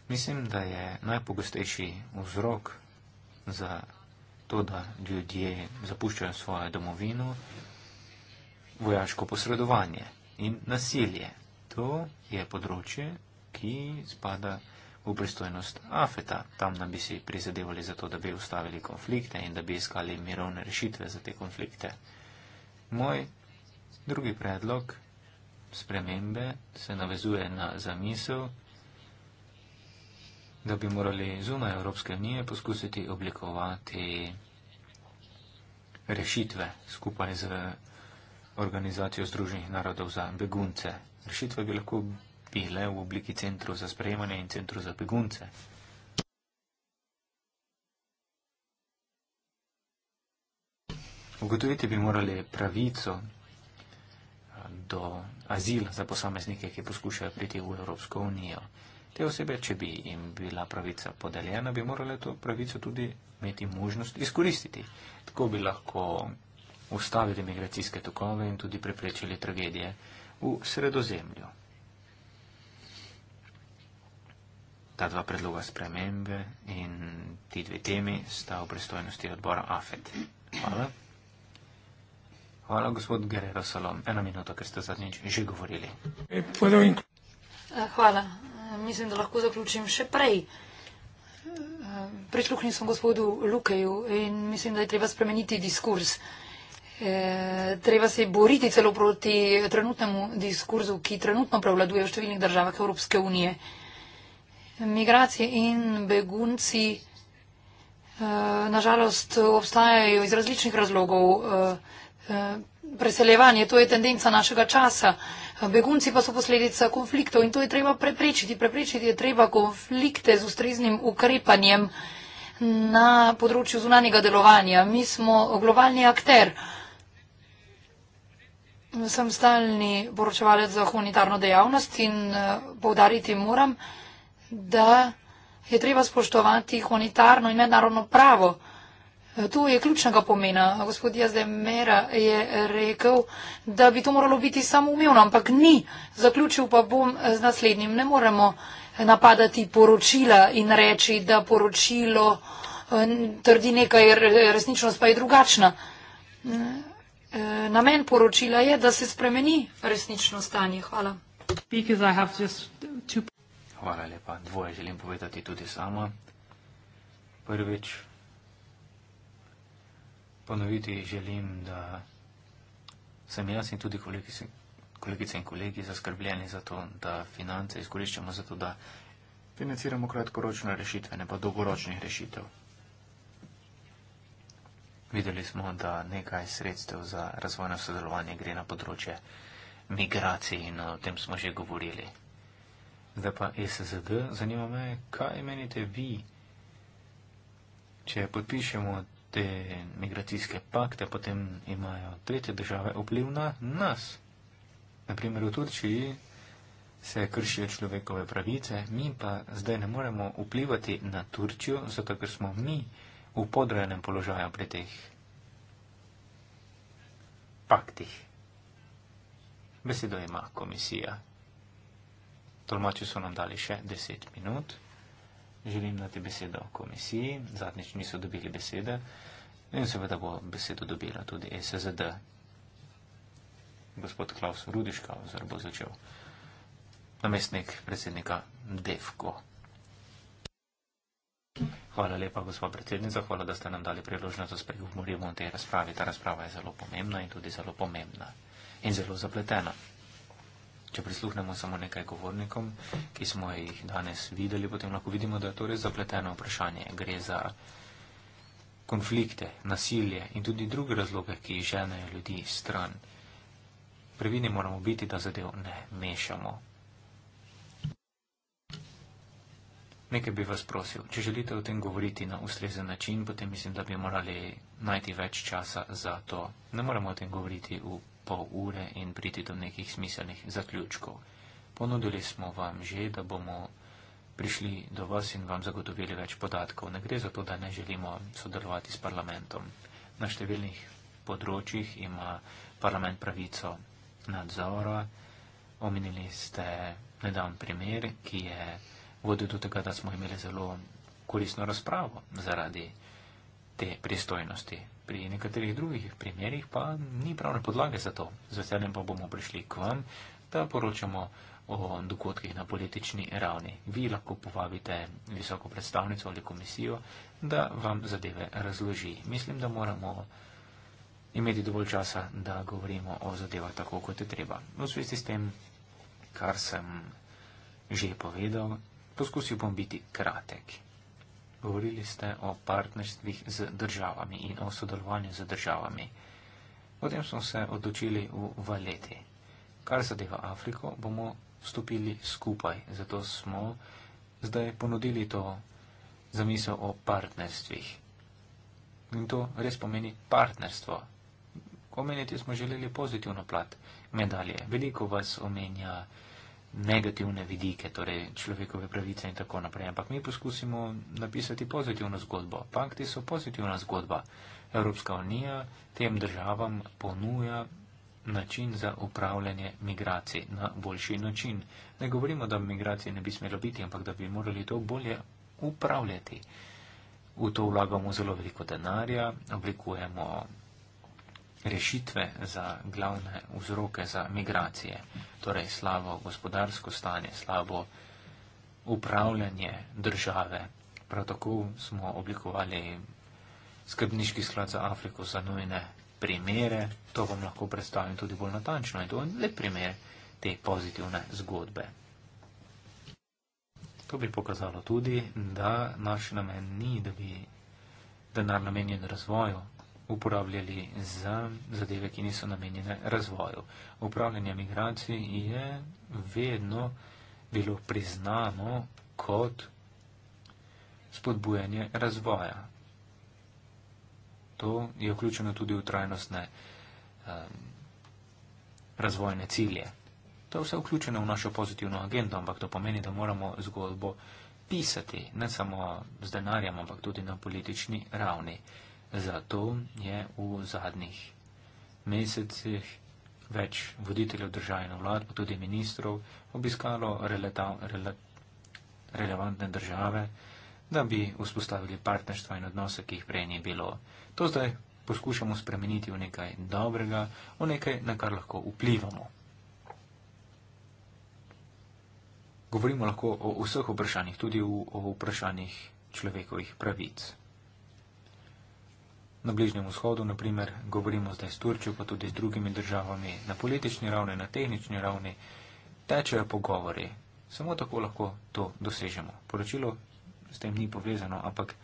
Speaker 1: Mislim, da je najpogostejši vzrok za to, da ljudje zapuščajo svojo domovino, vojaško posredovanje in nasilje. To je področje, ki spada v v pristojnost Afeta. Tam nam bi si prizadevali za to, da bi ustavili konflikte in da bi iskali mirovne rešitve za te konflikte. Moj drugi predlog spremembe se navezuje na zamisel, da bi morali zunaj Evropske unije poskusiti oblikovati rešitve skupaj z Organizacijo združenih narodov za begunce. Rešitve bi lahko jih le v obliki centrov za sprejemanje in centrov za begunce. Ugotoviti bi morali pravico eh, do azila za posameznike, ki poskušajo priti v Evropsko unijo. Te osebe, če bi jim bila pravica podeljena, bi morali to pravico tudi imeti možnost izkoristiti. Tako bi lahko ustavili migracijske tokove in tudi preprečili tragedije v sredozemlju. ta dva predloga spremembe in ti dve temi sta v pristojnosti odbora AFET. Hvala. Hvala, gospod Gerero Salom. Ena minuta, ker ste zadnjič že govorili. Eh,
Speaker 3: hvala. Eh, mislim, da lahko zaključim še prej. Eh, prisluhnil sem gospodu Lukeju in mislim, da je treba spremeniti diskurs. Treba se boriti celo proti trenutnemu diskurzu, ki trenutno prevladuje v številnih državah Evropske unije. Migracije in begunci eh, nažalost obstajajo iz različnih razlogov. Eh, eh, preseljevanje, to je tendenca našega časa. Begunci pa so posledica konfliktov in to je treba preprečiti. Preprečiti je treba konflikte z ustreznim ukrepanjem na področju zunanjega delovanja. Mi smo globalni akter. Sem stalni poročevalec za humanitarno dejavnost in poudariti moram, da da je treba spoštovati humanitarno in mednarodno pravo. E, to je ključnega pomena. Gospod Jazdemera je rekel, da bi to moralo biti samoumevno, ampak ni. Zaključil pa bom z naslednjim. Ne moremo napadati poročila in reči, da poročilo e, trdi nekaj, resničnost pa je drugačna. E, namen poročila je, da se spremeni resnično stanje. Hvala.
Speaker 1: Hvala lepa. Dvoje želim povedati tudi sama. Prvič, ponoviti želim, da sem jaz in tudi kolegice in kolegi zaskrbljeni za to, da finance izkoriščamo za to, da financiramo kratkoročne rešitve, ne pa dolgoročnih rešitev. Videli smo, da nekaj sredstev za razvojno sodelovanje gre na področje migracij in o tem smo že govorili. Zdaj pa SZD, zanima me, kaj menite vi, če podpišemo te migracijske pakte, potem imajo tretje države vpliv na nas. Naprimer v Turčiji se kršijo človekove pravice, mi pa zdaj ne moremo vplivati na Turčijo, zato ker smo mi v podrejenem položaju pri teh paktih. Besedo ima komisija. Tolmači so nam dali še 10 minut. Želim dati besedo komisiji. Zadnjič niso dobili besede. In seveda bo besedo dobila tudi SSD. Gospod Klaus Rudiška, oziroma bo začel namestnik predsednika DEFKO. Hvala lepa, gospod predsednica. Hvala, da ste nam dali priložnost, da spregovorimo o tej razpravi. Ta razprava je zelo pomembna in tudi zelo pomembna in zelo zapletena. Če prisluhnemo samo nekaj govornikom, ki smo jih danes videli, potem lahko vidimo, da je to res zapleteno vprašanje. Gre za konflikte, nasilje in tudi druge razloge, ki ženejo ljudi stran. Previdni moramo biti, da zadev ne mešamo. Nekaj bi vas prosil, če želite o tem govoriti na ustrezen način, potem mislim, da bi morali najti več časa za to. Ne moremo o tem govoriti v pol ure in priti do nekih smiselnih zaključkov. Ponudili smo vam že, da bomo prišli do vas in vam zagotovili več podatkov. Ne gre za to, da ne želimo sodelovati s parlamentom. Na številnih področjih ima parlament pravico nadzora. Omenili ste nedavn primer, ki je vodil do tega, da smo imeli zelo koristno razpravo zaradi te pristojnosti pri nekaterih drugih primerjih pa ni pravne podlage za to. Z veseljem pa bomo prišli k vam, da poročamo o dogodkih na politični ravni. Vi lahko povabite visoko predstavnico ali komisijo, da vam zadeve razloži. Mislim, da moramo imeti dovolj časa, da govorimo o zadevah tako, kot je treba. V zvezi s tem, kar sem že povedal, poskusil bom biti kratek. Govorili ste o partnerstvih z državami in o sodelovanju z državami. Potem smo se odločili v Valeti. Kar zadeva Afriko, bomo vstopili skupaj. Zato smo zdaj ponudili to zamisel o partnerstvih. In to res pomeni partnerstvo. Omeniti smo želeli pozitivno plat medalje. Veliko vas omenja negativne vidike, torej človekove pravice in tako naprej. Ampak mi poskusimo napisati pozitivno zgodbo. Pakti so pozitivna zgodba. Evropska unija tem državam ponuja način za upravljanje migracij na boljši način. Ne govorimo, da migracije ne bi smelo biti, ampak da bi morali to bolje upravljati. V to vlagamo zelo veliko denarja, oblikujemo rešitve za glavne vzroke za migracije, torej slabo gospodarsko stanje, slabo upravljanje države. Prav tako smo oblikovali skrbniški sklad za Afriko za nujne primere, to vam lahko predstavim tudi bolj natančno in to je le primer te pozitivne zgodbe. To bi pokazalo tudi, da naš namen ni, da bi denar namenjen razvoju uporabljali za zadeve, ki niso namenjene razvoju. Upravljanje migracij je vedno bilo priznano kot spodbujanje razvoja. To je vključeno tudi v trajnostne um, razvojne cilje. To je vse vključeno v našo pozitivno agendo, ampak to pomeni, da moramo zgodbo pisati ne samo z denarjem, ampak tudi na politični ravni. Zato je v zadnjih mesecih več voditeljev držav in vlad, pa tudi ministrov, obiskalo releta, rele, relevantne države, da bi vzpostavili partnerstva in odnose, ki jih prej ni bilo. To zdaj poskušamo spremeniti v nekaj dobrega, v nekaj, na kar lahko vplivamo. Govorimo lahko o vseh vprašanjih, tudi o, o vprašanjih človekovih pravic. Na Bližnjem vzhodu, naprimer, govorimo zdaj s Turčjo, pa tudi z drugimi državami, na politični ravni, na tehnični ravni, tečejo pogovori. Samo tako lahko to dosežemo. Poročilo s tem ni povezano, ampak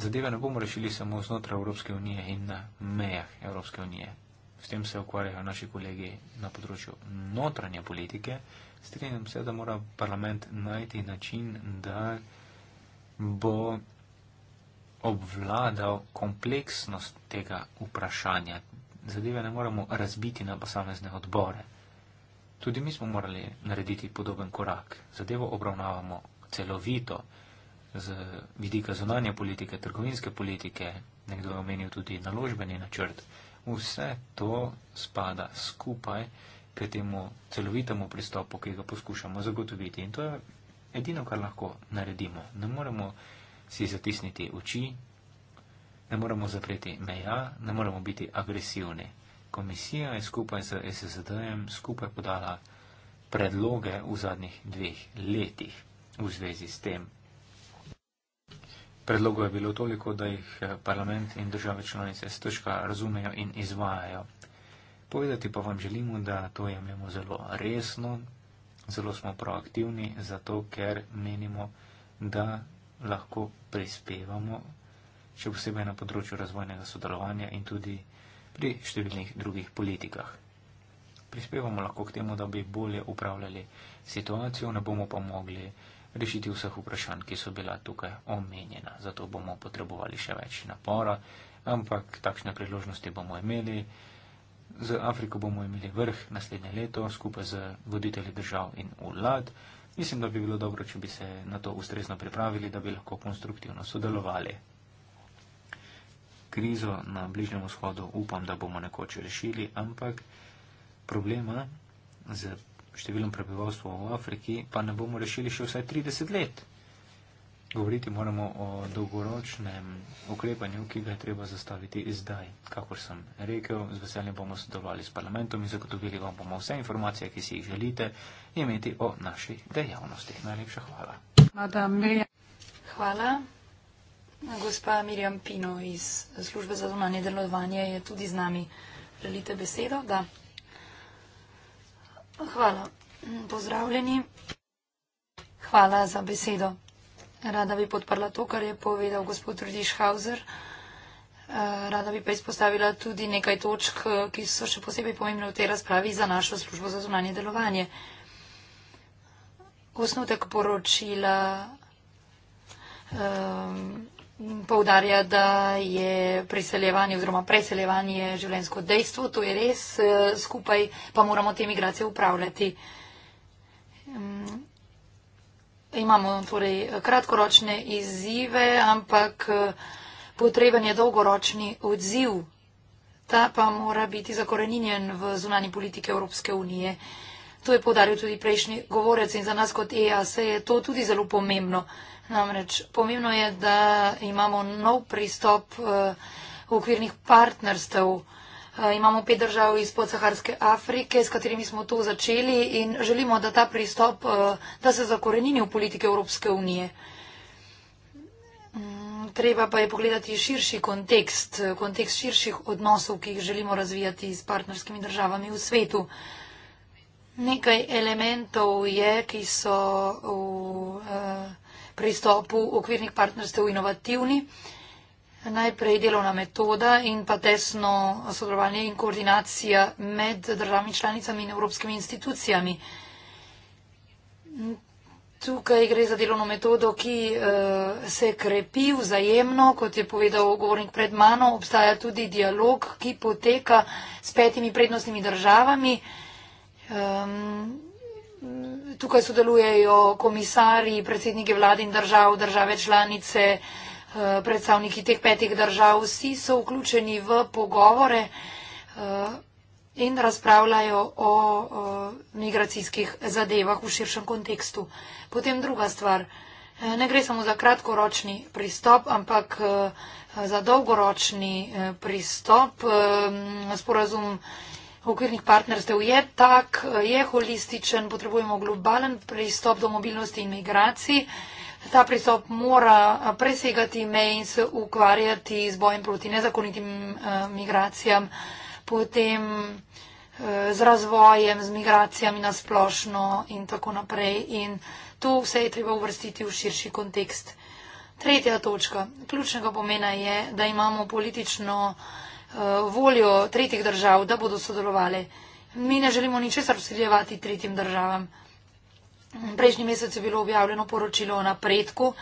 Speaker 1: zadeve ne bomo rešili samo znotraj Evropske unije in na mejah Evropske unije. S tem se ukvarjajo naši kolegi na področju notranje politike. Strenjam se, da mora parlament najti način, da bo obvladal kompleksnost tega vprašanja. Zadeve ne moremo razbiti na posamezne odbore. Tudi mi smo morali narediti podoben korak. Zadevo obravnavamo celovito z vidika zunanje politike, trgovinske politike, nekdo je omenil tudi naložbeni načrt. Vse to spada skupaj k temu celovitemu pristopu, ki ga poskušamo zagotoviti. In to je edino, kar lahko naredimo. Ne moremo si zatisniti oči, ne moramo zapreti meja, ne moramo biti agresivni. Komisija je skupaj z SSD-jem skupaj podala predloge v zadnjih dveh letih v zvezi s tem. Predlogov je bilo toliko, da jih eh, parlament in države članice stržka razumejo in izvajajo. Povedati pa vam želimo, da to jemljemo zelo resno, zelo smo proaktivni, zato ker menimo, da lahko prispevamo, še posebej na področju razvojnega sodelovanja in tudi pri številnih drugih politikah. Prispevamo lahko k temu, da bi bolje upravljali situacijo, ne bomo pa mogli rešiti vseh vprašanj, ki so bila tukaj omenjena. Zato bomo potrebovali še več napora, ampak takšne priložnosti bomo imeli. Z Afriko bomo imeli vrh naslednje leto skupaj z voditelji držav in vlad. Mislim, da bi bilo dobro, če bi se na to ustrezno pripravili, da bi lahko konstruktivno sodelovali. Krizo na Bližnjem vzhodu upam, da bomo nekoč rešili, ampak problema z številom prebivalstva v Afriki pa ne bomo rešili še vsaj 30 let. Govoriti moramo o dolgoročnem ukrepanju, ki ga je treba zastaviti zdaj. Kakor sem rekel, z veseljem bomo sodelovali s parlamentom in zagotovili vam bomo vse informacije, ki si jih želite imeti o naši dejavnosti. Najlepša hvala.
Speaker 3: Hvala. Gospa Mirjam Pino iz službe za zunanje delovanje je tudi z nami. Želite besedo? Da. Hvala. Pozdravljeni. Hvala za besedo. Rada bi podprla to, kar je povedal gospod Rudišhauser. Eh, rada bi pa izpostavila tudi nekaj točk, ki so še posebej pomembne v tej razpravi za našo službo za zunanje delovanje. Osnutek poročila um, ehm, povdarja, da je priseljevanje oziroma preseljevanje življensko dejstvo, to je res, eh, skupaj pa moramo te migracije upravljati. Um, imamo torej kratkoročne izzive, ampak eh, potreben je dolgoročni odziv. Ta pa mora biti zakorenjen v zunani politike Evropske unije. To je podaril tudi prejšnji govorec in za nas kot EAS je to tudi zelo pomembno. Namreč pomembno je, da imamo nov pristop v eh, okvirnih partnerstv. Eh, imamo pet držav iz podsaharske Afrike, s katerimi smo to začeli in želimo, da ta pristop, eh, da se zakorenini v politike Evropske unije. Mm, treba pa je pogledati širši kontekst, eh, kontekst širših odnosov, ki jih želimo razvijati s partnerskimi državami v svetu. Nekaj elementov je, ki so v pristopu okvirnih partnerstev inovativni najprej delovna metoda in pa tesno sodelovanje in koordinacija med državami članicami in evropskimi institucijami. Tukaj gre za delovno metodo, ki uh, se krepi vzajemno, kot je povedal govornik pred mano, obstaja tudi dialog, ki poteka s petimi prednostnimi državami. Um, tukaj sodelujejo komisari, predsedniki vlad in držav, države članice, uh, Eh, predstavniki teh petih držav, vsi so vključeni v pogovore eh, in razpravljajo o eh, migracijskih zadevah v širšem kontekstu. Potem druga stvar. Ne gre samo za kratkoročni pristop, ampak za dolgoročni pristop. Sporazum okvirnih partnerstev je tak, je holističen, potrebujemo globalen pristop do mobilnosti in migracij. Ta pristop mora presegati mej in se ukvarjati z bojem proti nezakonitim uh, migracijam, potem uh, z razvojem, z migracijami na splošno in tako naprej. In to vse je treba uvrstiti v širši kontekst. Tretja točka. Ključnega pomena je, da imamo politično uh, voljo tretjih držav, da bodo sodelovali. Mi ne želimo ničesar vsiljevati tretjim državam. Prejšnji mesec je bilo objavljeno poročilo o napredku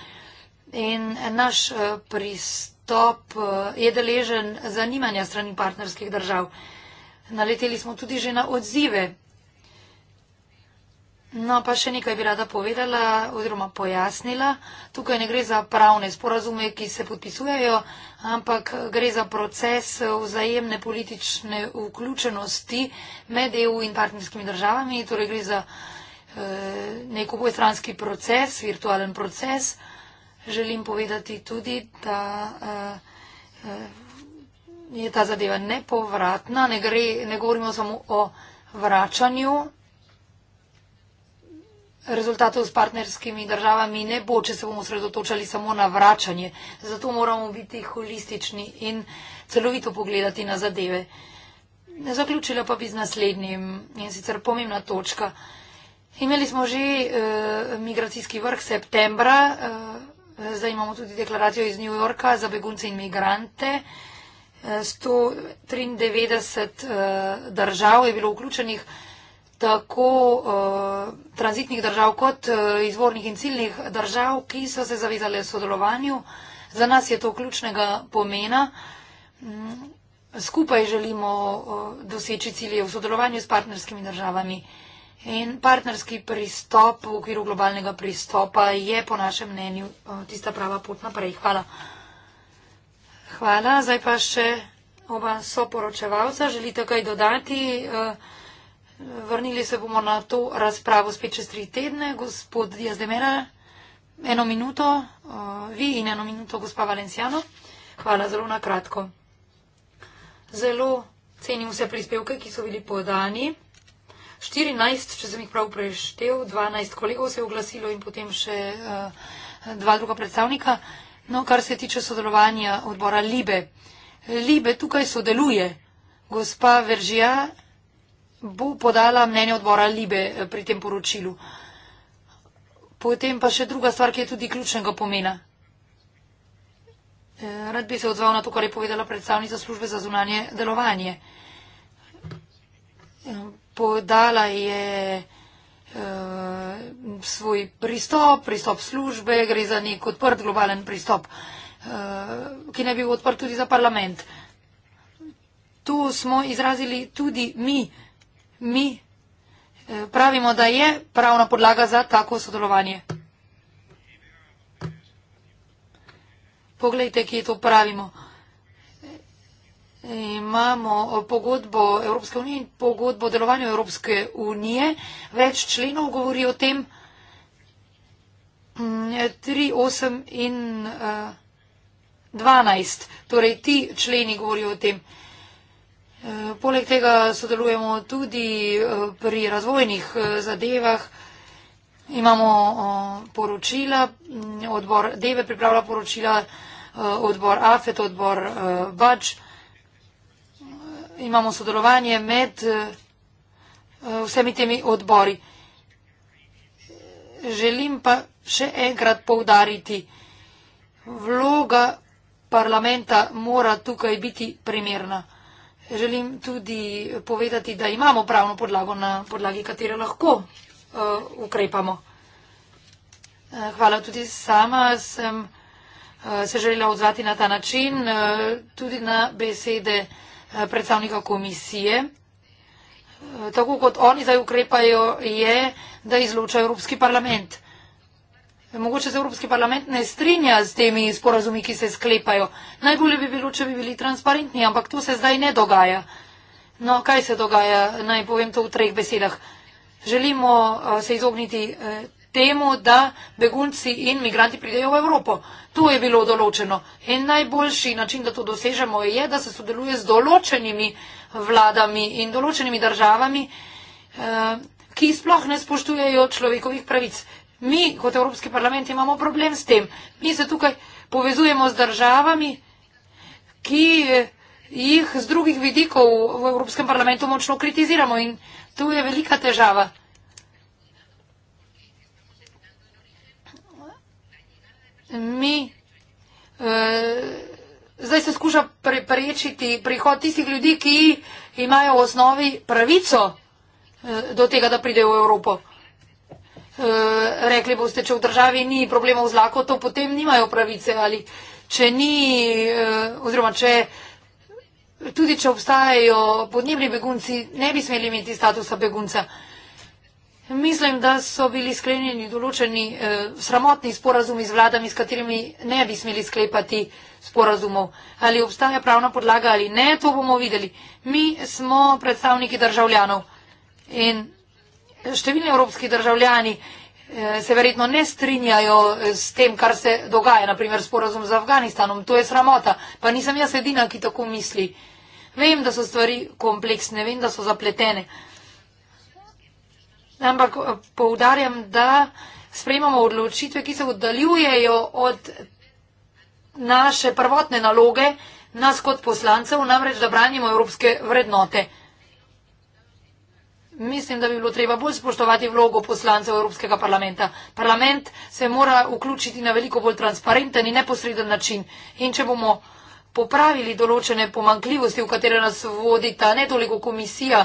Speaker 3: in naš eh, pristop eh, je deležen zanimanja strani partnerskih držav. Naleteli smo tudi že na odzive. No, pa še nekaj bi rada povedala oziroma pojasnila. Tukaj ne gre za pravne sporazume, ki se podpisujejo, ampak gre za proces vzajemne politične vključenosti med EU in partnerskimi državami. Torej gre za Eh, nek obojstranski proces, virtualen proces. Želim povedati tudi, da eh, eh, je ta zadeva nepovratna, ne, gre, ne govorimo samo o vračanju. Rezultatov s partnerskimi državami ne bo, če se bomo sredotočali samo na vračanje. Zato moramo biti holistični in celovito pogledati na zadeve. Zaključila pa bi z naslednjim in sicer pomembna točka. Imeli smo že e, migracijski vrh septembra, e, zdaj imamo tudi deklaracijo iz New Yorka za begunce in migrante. E, 193 e, držav je bilo vključenih, tako e, tranzitnih držav kot e, izvornih in ciljnih držav, ki so se zavezale sodelovanju. Za nas je to ključnega pomena. Mm, skupaj želimo doseči cilje v sodelovanju s partnerskimi državami. In partnerski pristop v okviru globalnega pristopa je po našem mnenju tista prava pot naprej. Hvala. Hvala. Zdaj pa še oba soporočevalca. Želite kaj dodati? E, vrnili se bomo na to razpravo spet čez tri tedne. Gospod Diaz de Mera, eno minuto. E, vi in eno minuto, gospa Valenciano. Hvala, zelo na kratko. Zelo cenim vse prispevke, ki so bili podani. 14, če sem jih prav preštel, 12 kolegov se je oglasilo in potem še uh, dva druga predstavnika. No, kar se tiče sodelovanja odbora Libe. Libe tukaj sodeluje. Gospa Veržija bo podala mnenje odbora Libe eh, pri tem poročilu. Potem pa še druga stvar, ki je tudi ključnega pomena. Eh, rad bi se odzval na to, kar je povedala predstavnica službe za zunanje delovanje podala je uh, svoj pristop, pristop službe, gre za nek odprt globalen pristop, uh, ki naj bi bil odprt tudi za parlament. To smo izrazili tudi mi. Mi eh, pravimo, da je pravna podlaga za tako sodelovanje. Poglejte, kje to pravimo imamo pogodbo Evropske unije in pogodbo o delovanju Evropske unije. Več členov govori o tem. 3, mm, 8 in 12. Eh, torej ti členi govorijo o tem. Eh, poleg tega sodelujemo tudi eh, pri razvojnih zadevah. Imamo poročila, mm, odbor Deve pripravlja poročila, odbor AFET, odbor BAČ. BUDGE imamo sodelovanje med eh, eh, vsemi temi odbori. Želim pa še enkrat povdariti, vloga parlamenta mora tukaj biti primerna. Želim tudi povedati, da imamo pravno podlago, na podlagi katere lahko uh, ukrepamo. Hvala tudi sama, sem uh, se želela odzvati na ta način, uh, tudi na besede. Eh, predstavnika komisije. Eh, tako kot oni zdaj ukrepajo, je, da izloča Evropski parlament. Mogoče se Evropski parlament ne strinja z temi sporazumi, ki se sklepajo. Najbolje bi bilo, če bi bili transparentni, ampak to se zdaj ne dogaja. No, kaj se dogaja? Naj povem to v treh besedah. Želimo eh, se izogniti temu, da begunci in migranti pridejo v Evropo. To je bilo določeno. In najboljši način, da to dosežemo, je, da se sodeluje z določenimi vladami in določenimi državami, eh, ki sploh ne spoštujejo človekovih pravic. Mi kot Evropski parlament imamo problem s tem. Mi se tukaj povezujemo z državami, ki eh, jih z drugih vidikov v Evropskem parlamentu močno kritiziramo in tu je velika težava. mi, e, zdaj se skuša pre, prečiti prihod tistih ljudi, ki imajo v osnovi pravico e, do tega, da pridejo v Evropo. E, rekli boste, če v državi ni problemov z lakoto, potem nimajo pravice ali če ni, e, oziroma če. Tudi če obstajajo podnebni begunci, ne bi smeli imeti statusa begunca. Uh, Mislim, da so bili sklenjeni določeni eh, sramotni sporazumi z vladami, s katerimi ne bi smeli sklepati sporazumov. Ali obstaja pravna podlaga ali ne, to bomo videli. Mi smo predstavniki državljanov in številni evropski državljani eh, se verjetno ne strinjajo eh, s tem, kar se dogaja, naprimer sporazum z Afganistanom. To je sramota. Pa nisem jaz edina, ki tako misli. Vem, da so stvari kompleksne, vem, da so zapletene. Ampak eh, poudarjam, da sprejmamo odločitve, ki se oddaljujejo od naše prvotne naloge, nas kot poslancev, namreč da branimo evropske vrednote. Mislim, da bi bilo treba bolj spoštovati vlogo poslancev Evropskega parlamenta. Parlament se mora vključiti na veliko bolj transparenten in neposreden način. In če bomo popravili določene pomankljivosti, v katere nas vodi ta ne toliko komisija,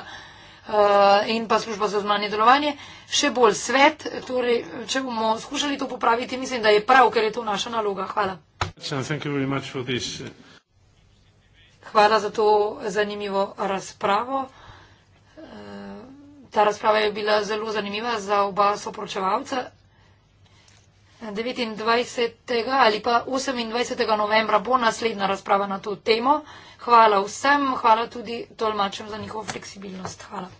Speaker 3: Eh, in pa služba za zunanje delovanje, še bolj svet. Torej, če bomo skušali to popraviti, mislim, da je prav, ker je to naša naloga. Hvala.
Speaker 1: Eh.
Speaker 3: Hvala za to zanimivo razpravo. Eh,
Speaker 1: ta razprava je bila zelo
Speaker 3: zanimiva za oba soporočevalca. 29. ali pa 28. novembra bo naslednja razprava na to temo. Hvala vsem, hvala tudi tolmačem za njihovo fleksibilnost. Hvala.